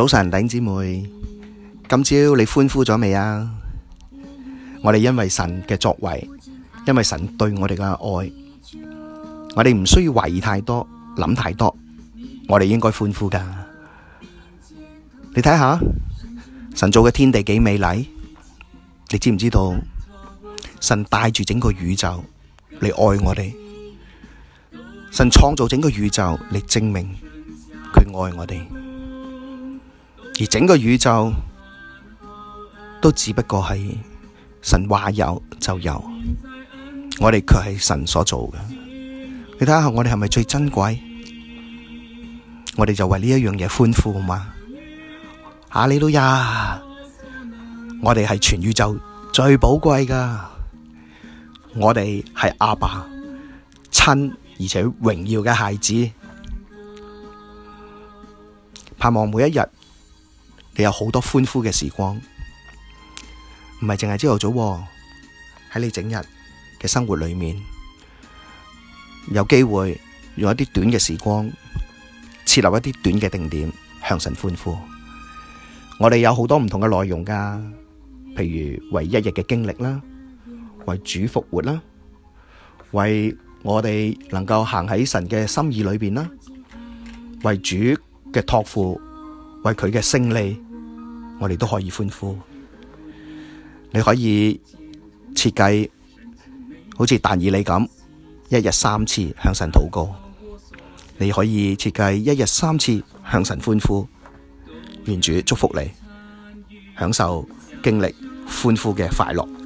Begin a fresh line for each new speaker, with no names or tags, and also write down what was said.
早晨，弟兄姊妹，今朝你歡呼咗未啊？我哋因為神嘅作為，因為神對我哋嘅愛，我哋唔需要懷疑太多，諗太多，我哋應該歡呼噶。你睇下，神造嘅天地幾美麗？你知唔知道？神帶住整個宇宙嚟愛我哋，神創造整個宇宙嚟證明佢愛我哋。而整個宇宙都只不過係神話有就有，我哋卻係神所做嘅。你睇下我哋係咪最珍貴？我哋就為呢一樣嘢歡呼嘛！哈利路亞，我哋係全宇宙最寶貴噶，我哋係阿爸親而且榮耀嘅孩子，盼望每一日。你有好多歡呼嘅時光，唔係淨係朝頭早喎。喺你整日嘅生活裏面，有機會用一啲短嘅時光，設立一啲短嘅定點，向神歡呼。我哋有好多唔同嘅內容噶，譬如為一日嘅經歷啦，為主復活啦，為我哋能夠行喺神嘅心意裏邊啦，為主嘅託付，為佢嘅勝利。我哋都可以歡呼，你可以設計好似但以理咁，一日三次向神禱告，你可以設計一日三次向神歡呼，願主祝福你，享受經歷歡呼嘅快樂。